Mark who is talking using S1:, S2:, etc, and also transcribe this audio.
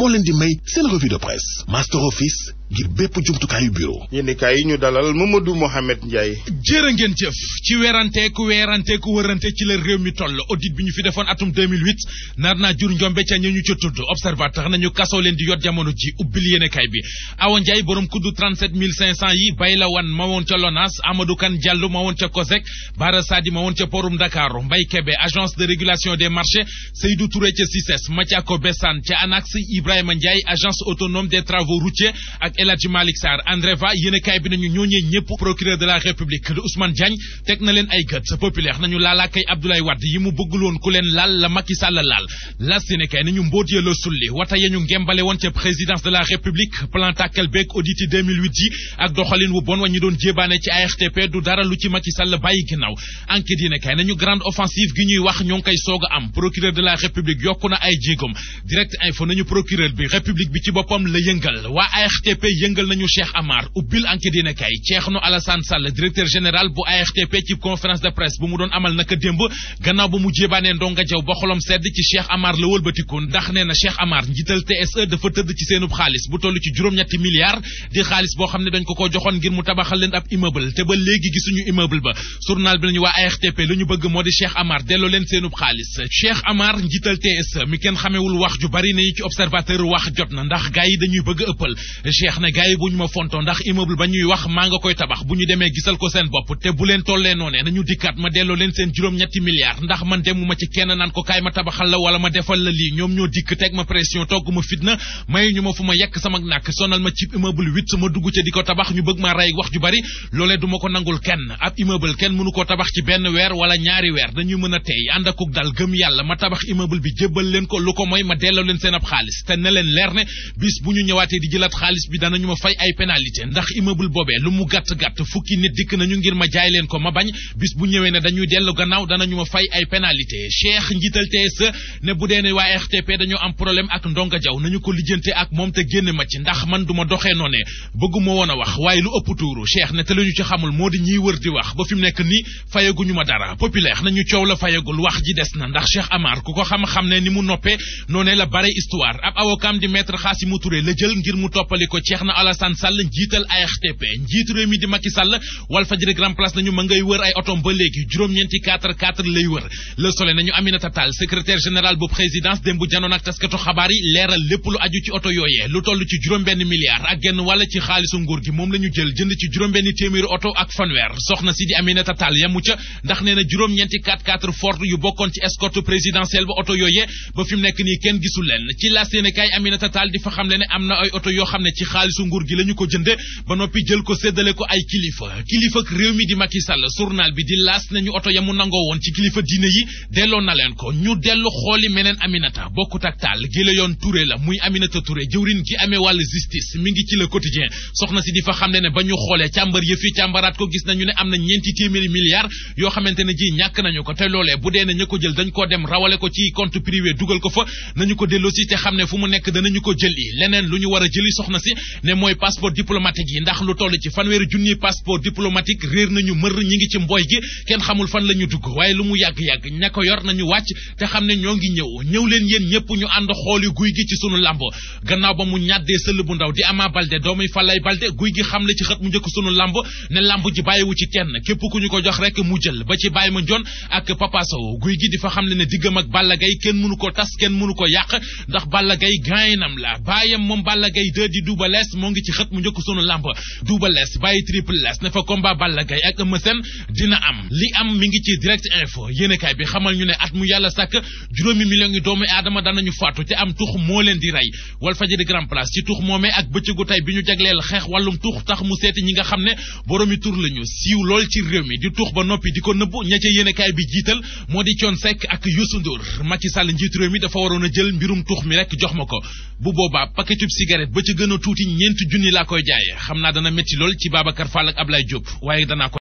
S1: moo leen di may seen revue de presse Master Office ngir bépp jumtukaayu bureau. yéenekaay yi ñu dalal Mamadou Mohamed Ndiaye. jërë ngeen ci weeranteeku weeranteeku wërante ci la réew mi toll audit bi ñu fi defoon atum 2008 naa jur njombe ca ñu ca tudd observateur nañu kasoo leen di yot jamono ji ubbil yéenekaay bi Awa Ndiaye borom kuddu 37500 yi Bayla Wan ma woon ca LONASE Amadou Kane Diallo ma woon ca COSEC Bara Sadi ma woon ca Porum Dakar Ibrahima Ndiaye agence autonome des travaux routiers ak El Hadji Malick Sarr ANREVA bi nañu ñooñee ñëpp procureur de la République de Ousmane Diagne teg na leen ay gët populaire nañu laalaakay Abdoulaye Wade yi mu bëgguloon ku leen laal la Macky Sall laal las yéenekaay nañu mbóot ya la sulli wata ya ngembale woon ca présidence de la République plan tàkkal beeg audit yi ak doxalin wu bon wa doon jébaane ci ARTP du dara lu ci Macky Sall bàyyi ginnaaw enquête kuréel bi république bi ci boppam la yëngal waa ARTP yëngal nañu Cheikh Amar ubbil enquête dina kay Cheikhno Sall directeur général bu ARTP ci conférence de presse bu mu doon amal naka démb gannaaw bu mu jéebaanee ndonga ba xolom sedd ci Cheikh Amar la wëlbatikoon ndax nee na Cheikh njiital TSE dafa tëdd ci seenub xaalis bu toll ci juróom-ñetti milliards di xaalis boo xam ne dañ ko ko joxoon ngir mu tabaxal leen ab immeuble te ba léegi gisuñu immeuble l'observateur wax jot na ndax gars yi dañuy bëgg ëppal cheikh ne gars bu ñu ma fonto ndax immeuble ba ñuy wax maa nga koy tabax bu ñu demee gisal ko seen bopp te bu leen tollee noonee nañu dikkaat ma delloo leen seen juróom-ñetti milliards ndax man demuma ci kenn naan ko kaay ma tabaxal la wala ma defal la lii ñoom ñoo dikk teg ma pression togg ma fitna may ñu ma fu ma yekk sama nàkk sonal ma cib immeuble huit sama dugg ca di ko tabax ñu bëgg ma ray wax ju bari loolee duma ko kenn ab immeuble kenn mënu ko tabax ci benn weer wala ñaari weer dañuy mën a tey ànd ak dal gëm yàlla ma tabax immeuble bi jébbal leen ko lu ko mooy ma delloo leen seen ab na leen leer ne bis bu ñu ñëwaatee di jëlaat xaalis bi danañu ma fay ay pénalité ndax immeuble boobee lu mu gàtt-gàtt fukki nit dikk na ñu ngir ma jaay leen ko ma bañ bis bu ñëwee ne dañuy dellu gannaaw danañu ma fay ay pénalité Cheikh njiital TSE ne bu dee ne waaye RTP dañoo am problème ak ndonga jaw nañu ko lijjante ak moom te génn ma ci ndax man du ma doxee noonee bëgguma woon a wax waaye lu ëpp tuuru Cheikh ne te lu ñu ci xamul moo di ñiy wër di wax ba fi mu nekk nii fayaguñu ma dara populaire nañu coow la fayagul wax ji des na ndax Cheikh Amar ku ko xam-xam ne ni mu noppee noonee la bare avocat di maître Khassimou moom la jël jënd ci juróom-benn téeméeri oto ak fanweer soxna si di Aminata Tall yamu ca ndax nee juróom-ñeenti 4 yu bokkoon ci escorte présidentielle ba oto yooyee ba fi nekk nii kenn gisul leen ci la kaay Aminata Tall di fa xamle ne am na ay oto yoo xam ne ci xaalisu nguur gi la ko jënde ba noppi jël ko séddale ko ay kilifa kilifa ak réew mi di Macky Sall bi di laas nañu oto ya nangoo woon ci kilifa diine yi delloo na leen ko ñu dellu xooli meneen Aminata bokkut ak Tall gi la yoon la muy Aminata Touré jëwrin gi amee wàll justice mi ngi ci le quotidien soxna si di fa xam ne ne ba ñu xoolee càmbar yëf càmbaraat ko gis nañu ne am na ñeenti mu nekk danañu ko jëli leneen lu ñu war a jëli soxna si ne mooy passeport diplomatique yi ndax lu toll ci fanweeri junni passeport diplomatique réer nañu mër ñi ngi ci mboy gi kenn xamul fan la ñu dugg waaye lu mu yàgg-yàgg ña ko yor nañu wàcc te xam ne ñoo ngi ñëw ñëw leen yéen ñu ànd xooli guy gi ci sunu làmb gannaaw ba mu ñàddee sëll bu ndaw di Ama Baldé doomuy Falaye Baldé guy gi xam le ci xët mu njëkk sunu làmb ne làmb ji bàyyiwu ci kenn képp ma ko tas kenn mënu ay gaynam la baayam moom Balla Gaye 2 di Double Less moo ngi ci xët mu njëkk sunu làmb Double bàyyi Triple Less ne fa combat Balla ak Eumeu dina am li am mi ngi ci direct info yéenekaay bi xamal ñu ne at mu yàlla sàkk juróomi millions yi doomu aadama danañu faatu te am tux moo leen di rey Walfadjri Grand Place ci tux moomee ak bëccëgu tey bi ñu jagleel xeex wàllum tux tax mu seeti ñi nga xam ne boroomi tur lañu siiw lool ci réew mi di tux ba noppi di ko nëbb ña bi jiital moo di Thione Seck ak Youssou Ndour Macky Sall njiitu réew mi dafa mi rek ma ko bu boobaa paketub cigarette ba ca gën a tuuti ñeenti junni laa koy jaayee xam naa dana métti lool ci Babacar Fall ab lay Diop waaye danaa ko